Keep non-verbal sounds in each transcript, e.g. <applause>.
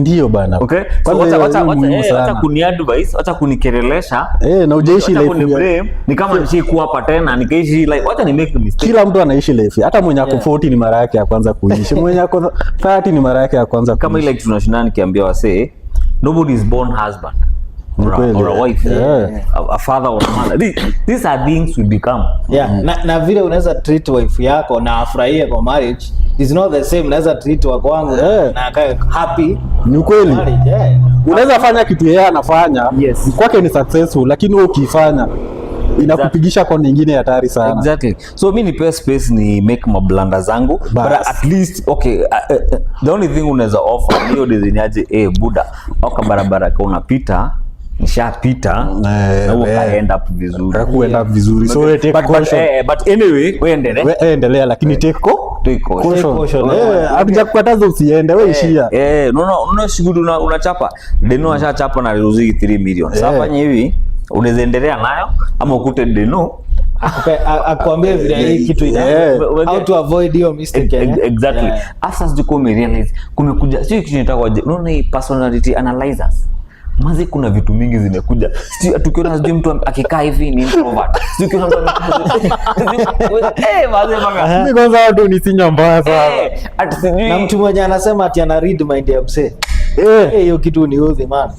Ndio bana. Okay. So wacha wacha wacha eh, wacha kuni advice, wacha kunikerelesha. Eh, na ujeishi life ya. Ni kama yeah. nishi kuwa hapa tena, nikaishi life. Wacha ni make mistake. Kila mtu anaishi life. Hata mwenye ako 40 ni mara yake ya kwanza kuishi. Mwenye ako 30 ni mara yake ya kwanza kuishi. Kama ile like, tunashindana nikiambia wasee, nobody is born husband na vile unaweza treat wife yako na afurahie kwa marriage is not the same. Unaweza treat wako wangu eh, yeah, na akae happy. Ni kweli yeah. Unaweza fanya kitu yeye anafanya yes, kwake ni successful, lakini wewe ukifanya inakupigisha Kwa nyingine hatari sana. Exactly. So mi nipewe space ni make mablanda zangu but at least okay, uh, uh, the only thing unaweza offer niyo dizinyaje eh, buda waka barabara ka unapita ishapita au eh, ka eh. end up vizuri ka end up vizuri so we take caution eh, but, anyway we endelea we endelea lakini take caution eh akija kukataza usiende we ishia eh no no no shughuli una, unachapa deno mm. ashachapa na lose 3 million sasa fanya hivi unaweza nayo ama ukute deno akwambie vile hii kitu ina how to avoid your mistake exactly after sijui kumerealize kumekuja sio kitu nitaka unaona hii personality analyzers mazi kuna vitu mingi zimekuja tukiona sijui mtu akikaa hivi ni <laughs> eh, kwanza watu ni sinywa mbaya sana eh, mtu mwenye anasema ati ana read mind ya msee eh. hiyo kitu ni udhi man.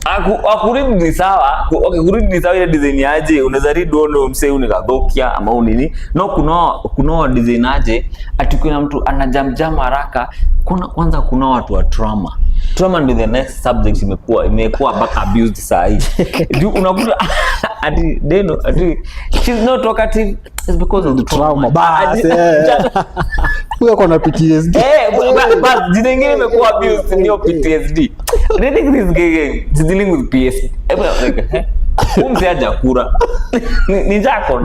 Akurid ni sawa, akurid ni sawa ile design aje, unaweza read uone msee unikadhokia ama unini. No, kuna kuna design aje atukuna mtu anajamjama haraka. Kuna kwanza kuna watu wa trauma trauma ndio the next subject imekuwa imekuwa back abused saa hii <laughs> unakuta <laughs> ati deno ati she's not talkative it's because of the trauma bas eh. <laughs> huyo na PTSD eh bas jina ingine imekuwa abused ndio PTSD reading this game dealing with PTSD mzee hajakura ni jako